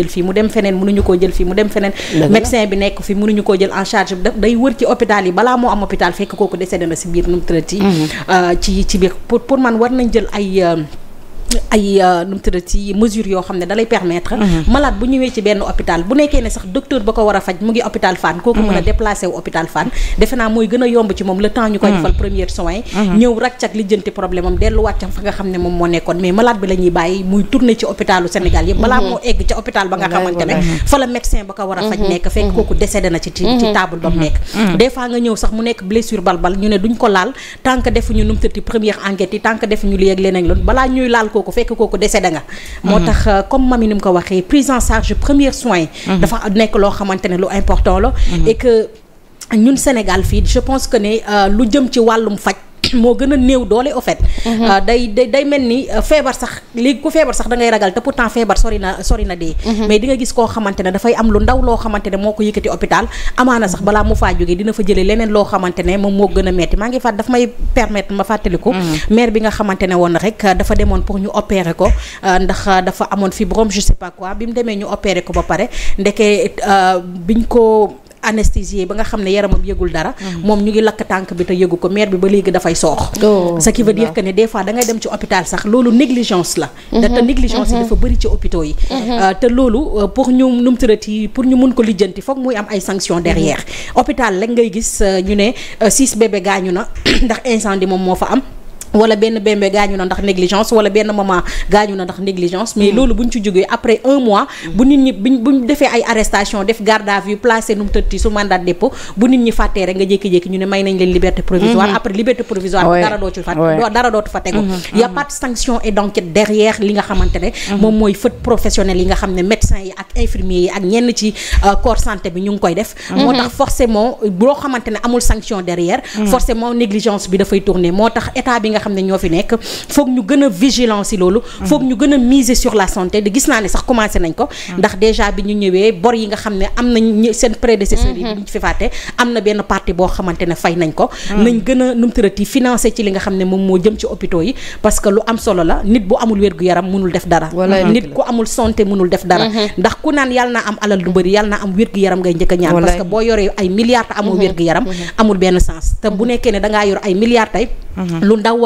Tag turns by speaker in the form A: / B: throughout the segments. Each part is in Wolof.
A: jël fii mu dem feneen mënuñu koo jël fii mu dem feneen médecin bi nekk fi mënuñu koo jël en bi day wër ci hôpital yi balaa moo am hôpital fekk kooku décédé na si biir nu mu mhm. euh, ci biir pour pour man war nañ jël ay euh, ay euh, nu mu tëddati mesures yoo xam ne dalay permettre. Mhm. malade bu ñëwee ci benn hôpital bu nekkee ne sax docteur ba ko war a faj mu ngi hôpital Fann. kooku mën a mhm. déplacé hôpital Fann. defe naa mooy gën a yomb ci moom le temps ñu mhm. moo nekkoon mais malade ko war a faj nekk fekk kooku décédé na ci ci table nekk. des nga ñëw sax mu nekk blessure balbal ñu ne duñ ko laal tant que defuñu nu première enquête yi tant que defuñu li leneen loolu balaa ñuy laal ko kooku fekk kooku décédé nga moo mhm. tax euh, comme mami ni mu ko waxee prise en charge premiers soins mhm. dafa nekk loo xamante ne lu important loo mhm. et que ñun Sénégal fii je pense que ne euh, lu jëm ci wàllum faj moo gën a néew doole au fait. Mhm. Euh, day day day mel ni euh, feebar sax léegi ku feebar sax da ngay ragal te pourtant feebar sori na sori na dee. Mhm. mais di gis koo xamante ne dafay am lu ndaw loo xamante ne moo ko yëkkati hôpital amaana sax balaa mu faa jógee dina fa jëlee leneen loo xamante ne moom moo gën a metti maa ngi fàtt dafa may permettre ma fàttaliku. Mhm. maire bi nga xamante ne woon rek euh, dafa demoon pour ñu opérer ko ndax dafa amoon fibrome je sais pas quoi bi mu demee ñu opérer ko ba pare ndeke anesthésié ba nga xam ne yaramam yëgul dara mhm. moom ñu ngi lakk tànk bi te yëgu ko maire bi ba léegi dafay soox sa oh, qui veut dire ne des fois da ngay dem ci hôpital sax loolu négligence la mhm. da te négligence yi mhm. dafa bëri ci hôpitaux yi euh, te loolu euh, pour ñu nu mu tërati pour ñu mun ko lijjanti foog muy am ay sanctions derrière hôpital rek ngay gis euh, ñu ne six bébé gaañu na ndax incendie moom moo fa am wala benn bembe gaañu na ndax négligence wala benn maman gaañu na ndax négligence mais mm. loolu buñ ci jógee après un mois mm. bu nit ñi buñ buñ defee ay arrestation def garde à vue placé nu mu tëdd su mandat de bu nit ñi fàttee nga jékki-jékki ñu ne may nañ leen liberté provisoire mm-hmm. après liberté provisoire dara dootu dara dootu fa tegu mm-hmm. y a pas sanction et derrière li nga xamante ne mm-hmm. moom mooy fët professionnel yi nga xam ne médecins yi ak infirmiers yi euh, bi ñu ngi koy def moo tax forcément boo xamante ne amul sanction derrière mm. forcément négligence dafay tourner moo tax état bi nga xam ne ñoo fi nekk foog ñu gën a vigilant si loolu foog ñu gën a miser sur la santé de gis naa ne sax commencé nañ ko ndax déjà bi ñu ñëwee bor yi nga xam ne am nañ seen prédécesseurs yi bi mhm. ñu am na benn partie boo xamante ne fay nañ ko nañ gën a numtarati financé ci li nga xam ne moom moo jëm ci hôpitaux yi parce que lu am solo la nit bu amul wér gu yaram mënul def dara nit ku amul santé mënul def dara mhm. ndax ku naan yal naa am alal du bëri yal naa am wér yaram ngay njëkk a ñaan parce que boo yoree ay milliards te amoo mhm. wér gu yaram amul benn sens te bu nekkee ne dangaa yor ay milliards tey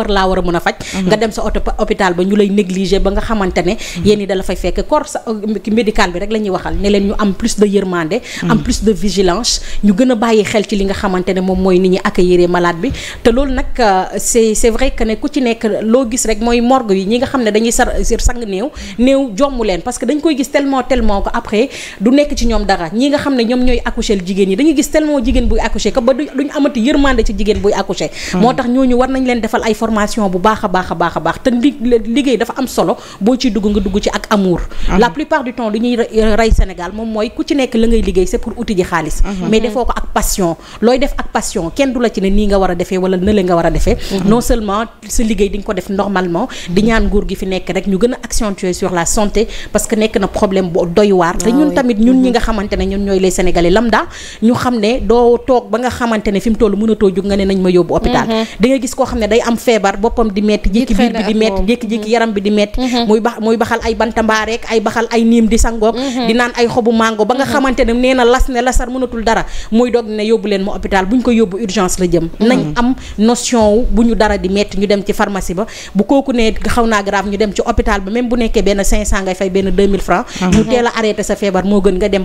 A: corps laa war a mën faj mhm. nga dem sa hôpital ba ñu lay négligé ba nga xamante ne mhm. yéen dala fay fekk corps sa euh, médical bi rek la waxal ne ñu am plus de yërmande mhm. am plus de vigilance ñu gën bàyyi xel ci li nga xamante moom mooy ni ñuy accueillir malade bi te loolu nag euh, c'est c'est vrai que ne ku ci nekk loo gis rek mooy morgue yi ñi nga xam ne dañuy sang néew néew jomm leen parce dañ koy gis tellement tellement que après du nekk ci ñoom dara ñi nga formation bu baax a baax a baax te liggéey dafa am solo boo ciy dugg nga dugg ci ak amour. Ah. la plupart du temps li ñuy euh, rey Sénégal moom mooy ku ci nekk la ngay liggéey c'est pour outil ji ah, ah. Mm-hmm. di mm-hmm. ñaan nguur gi fi nekk rek ñu gën a accentuer sur la santé parce que nekk na problème doy waar. te ñun tamit ñun ñi mm-hmm. nga xamante ne ñun ñooy les sénégalais lambda ñu xam ne doo toog ba nga xamante ne fi mu mënatoo jóg nga ne nañ ma yóbbu hôpital. di gis koo xam ne feebar boppam di metti jékki biir bi di metti jékki-jékki mm-hmm. yaram bi di metti mm-hmm. muy ba muy baxal ay bantambaarek ay baxal ay niim di sangoog mm-hmm. di naan ay xobu mango ba nga xamante ne nee las ne lasar mënatul dara muy doog ne yóbbu leen ma hôpital bu ñu ko yóbbu urgence la jëm nañ am notion wu bu ñu dara di metti ñu dem ci pharmacie ba bu kooku ne xaw naa grave ñu dem ci hôpital ba même bu nekkee benn 500 ngay benn 2000 francs ñu teel a sa feebar moo gën nga dem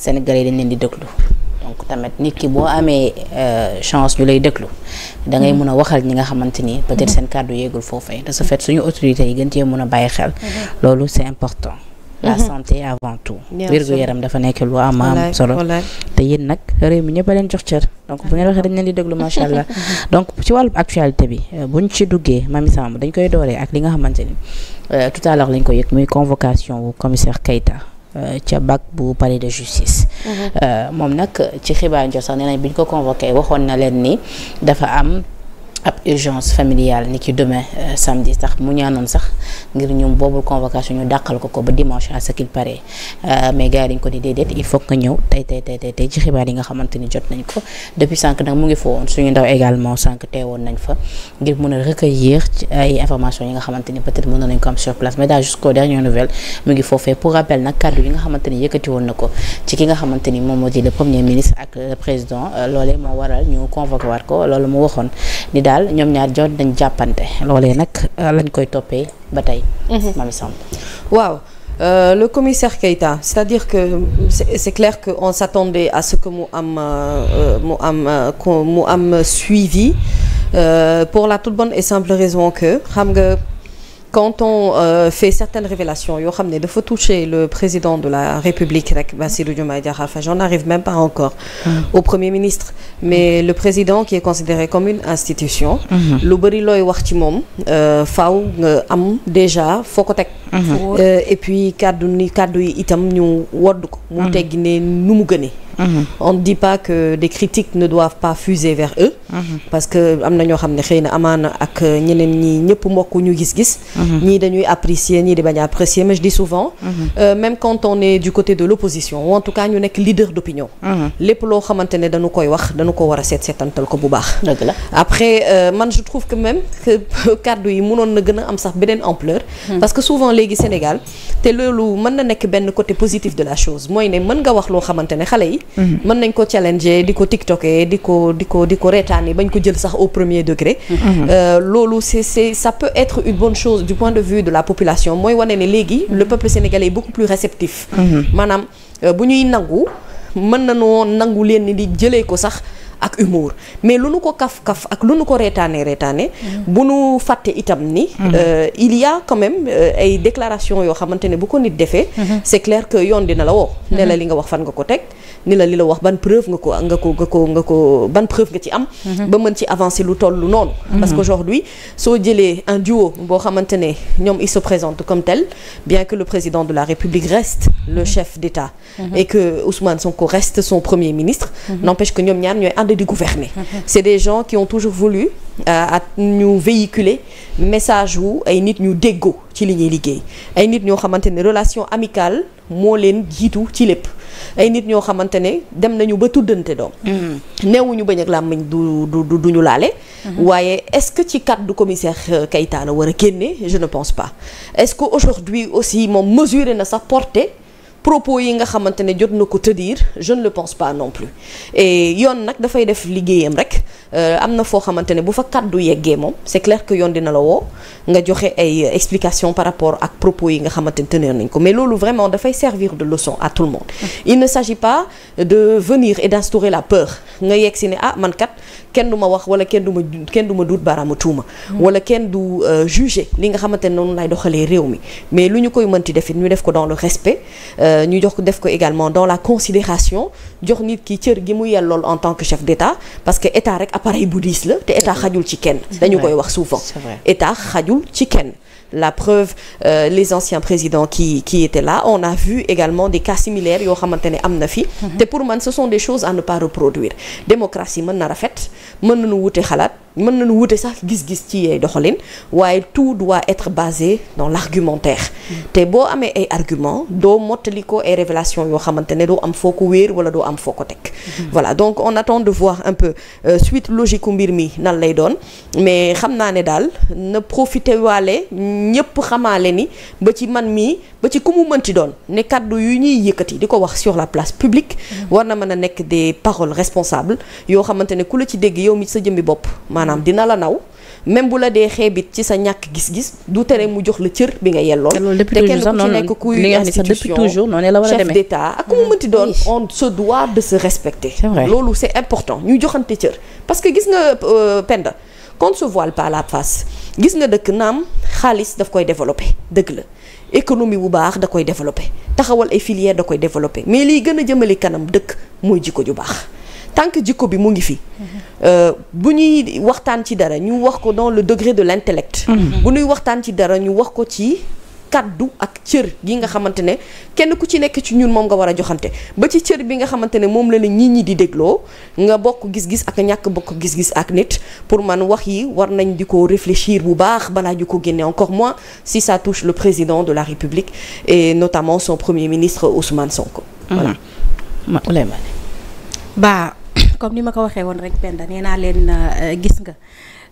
B: Sénégalais dañ leen di déglu donc tamit nit ki boo amee euh, chance ñu lay déglu da ngay mën a waxal ñi nga xamante ni peut-être seen kàddu yéegul foofee de sa fait suñu autorités yi gën cee mën a bàyyi xel mm-hmm. loolu c'est important la mm-hmm. santé avant tout wérgu dafa nekk lu am am solo te yéen nag réew mi ñëpp a leen jox cër donc bu neen waxee dañ leen di déglu macha allah donc ci wàllu actualité bi euh, buñ ci duggee Mamy Samb dañ koy dooree ak li nga xamante ni euh, tout à l'heure lañ ko yëg muy convocation wu commissaire Keita Euh, ca bac bu palais de justice. Mhm. Euh, moom nag ci xibaar yi sax nee bi ñu ko convoqué waxoon na leen ni dafa am. ab urgence familiale ni ki demain euh, samedi sax mu ñaanoon sax ngir ñum boobul convocation ñu dàqal ko ko ba dimanche à ce qu'il paraît euh, mais gars ko di déedéet il faut nga ñëw tey tey tey tey tey ci xibaar yi nga xamante ni jot nañ ko depuis sànq nag mu ngi foowoon suñu ndaw également sànq teewoon nañ fa ngir mën a recueillir ci ay informations yi nga xamante ni peut-être mën nañ ko am sur place mais daal jusqu'aux dernières nouvelles mu ngi foofee pour rappel yi nga xamante ni yëkkati woon na ko ci ki nga xamante ni moom moo di le premier ministre ak le président euh, loolee moo waral waat ko loolu mu waxoon ni daal ñoom ñaar jot dañ jàppante loolee nag euh, lañ koy toppee ba tey.
C: Mhm. Mamy Samb waaw. Euh, le commissaire Keita c'est-à-dire que c'est, clair que on s'attendait à ce que mu am euh, mu am euh, mu am suivi pour la toute bonne et simple raison que xam nga quand on euh, fait certaines révélations yoo xam ne dafa toucher le président de la République rek Bassirou Diomaye Diakhar Faye j'en arrive même pas encore mmh. au premier ministre mais mmh. le président qui est considéré comme une institution mmh. lu bëri looy wax ci moom euh, faaw nga am déjà foo ko teg euh, et puis kàddu ni kàddu yi itam ñu wodd ko mu teggi ne nu mu gënee Mm-hmm. on ne dit pas que des critiques ne doivent pas fuser vers eux. Mm-hmm. parce que am na ñoo xam ne xëy na amaana ak ñeneen ñi ñëpp mbokk ñu gis-gis. Mm-hmm. ñii dañuy apprécier ñii di bañ a apprécier mais je dis souvent. Euh, même quand on du côté de l'opposition ou en tout cas ñu nekk leader d'opinion. lépp loo xamante ne dañu koy wax dañu ko war a seet seetantal ko bu baax. dëgg la après euh, man je trouve que même que yi mënoon na gën a am sax beneen ampleur. parce que souvent léegi Sénégal te loolu mën na nekk benn côté positif de la chose mooy ne mën nga wax loo xamante ne xale yi. Mm-hmm. mën nañ ko challenger di ko tiktoker di ko di ko di ko reetaane bañ ko jël sax au premier degré. Mm-hmm. Euh, loolu c'est c'est ça peut être une bonne chose du point de vue de la population mooy wane ne léegi mm-hmm. le peuple sénégalais est beaucoup plus réceptif. maanaam euh, bu ñuy nangu mën nañoo nangu leen ni di jëlee ko sax. ak humour mais lu nu ko kaf-kaf ak lu nu ko reetaane reetaane bu nu fàtte itam ni mhm. euh, il y a quand même euh, ay déclaration yoo xamante ne bu ko nit defee mhm. c'est clair que yoon dina la woo mhm. ne li nga wax fan nga ko teg ni la li la wax ban preuve nga ko nga ko nga ko ko ban nga ci am ba man ci avancer lu toll noonu parce qu'aujourd'hui soo jëlee un duo boo xamante ne ñoom il se présente comme tel bien que le président de la République reste le chef d'État et que Ousmane Sonko reste de di gouverner c'est des gens qui ont toujours voulu ak euh, ñu véiculer message wu ay nit ñu déggoo ci li ñuy liggéey ay nit ñoo xamante ne relation amicale moo leen jiitu ci lépp ay nit ñoo xamante ne dem nañu ba tuddante doom mm-hmm. neewuñu bañ ak làmmiñ du du du ñu laale mm-hmm. waaye est-ce que ci cadre du commissaire euh, Keïta la war a génne je ne pense pas est que aujourd'hui aussi moom mesuré na sa portée propos yi nga xamante ne jot na ko tëddiir je ne le pense pas non plus et yoon nag dafay def liggéeyam rek euh, am na foo xamante ne bu fa katt du yeggee moom c'est clair que yoon dina la woo nga joxe ay explication par rapport ak propos yi nga xamante ne tenir nañ ko mais loolu vraiment dafay servir de leçon à tout le monde il ne s'agit pas de venir et d'instaurer la peur nga yegg si ne ah man kat kenn du ma wax wala kenn du ma kenn du ma duut baaraamu tuuma wala kenn du euh, juger li nga xamante ne noonu lay doxalee réew mi mais lu ñu koy mënti def it def ko dans le respect euh, ñu jox ko def ko également dans la considération jox nit ki cër gi mu lool en tant que chef d'État parce que état rek appareil bu diis la te état xajul ci kenn dañu koy wax souvent état xajul ci kenn la preuve euh, les anciens présidents qui qui étaient là on a vu également des cas similaires yoo xamante ne am na fi mm-hmm. te pour man ce sont des choses à ne pas reproduire démocratie mën na rafet mën na nañu wute xalaat mën na nañu wute sax gis-gis ci yee doxalin waaye tout doit être basé dans l'argumentaire mm. te boo amee ay argument doo mottali ko ay révélation yoo xamante ne doo am foo ko wéer wala doo am foo ko teg mm-hmm. voilà donc on attend de voir un peu euh, suite logique mbir mi nan lay doon mais xam naa ne daal na profité waale ñëpp xamaale ni ba ci man mii ba ci ku mu mënti doon ne kaddu yu ñuy yëkkati di ko wax sur la place publique mm-hmm. war na mën a nekk des paroles responsables yoo xamante ne ku la ci dégg yow mi sa jëmmi bopp maanaam dina la naw même bu la dee xeebit ci sa ñàkk gis-gis du tere mu jox la cër bi nga yellool te kenn ku ci nekk kuy institution chef d'état ak ku mu mënti doon on se doit de se respecter loolu c'est important ñu joxante cër parce que gis nga euh, Penda qu'on ne pas la face gis nga dëkk naam xaalis daf koy développer dëgg la économie bu baax da koy développer taxawal ay filières da koy développer mais liy gën a jëmali kanam dëkk mooy jikko ju baax tant que jikko bi mu ngi fi. Euh, bu ñuy waxtaan ci dara ñu wax ko dans le degré de l'intellect. Mhm. bu ñuy waxtaan ci dara ñu wax ko ci. kaddu ak cër gi nga xamante ne kenn ku ci nekk ci ñun moom nga war a joxante ba ci cër bi nga xamante ne moom la ne nit ñi di dégloo nga bokk gis-gis ak ñàkk bokk gis-gis ak nit pour man wax yi war nañ di ko réfléchir bu baax balaa ju ko génne encore moins si ça touche le président de la République et notamment son premier ministre Ousmane Sonko. voilà. Mhm. Bah
A: comme ni ma ko waxee woon rek Penda nee naa leen euh, gis nga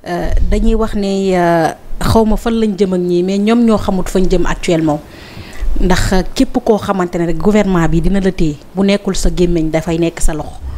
A: euh, dañuy wax ne euh, xawma fan lañ jëm ak ñii mais ñoom ñoo xamut fañ jëm actuellement ndax képp koo xamante ne rek gouvernement bi dina la téye bu nekkul sa gémmiñ dafay nekk sa loxo.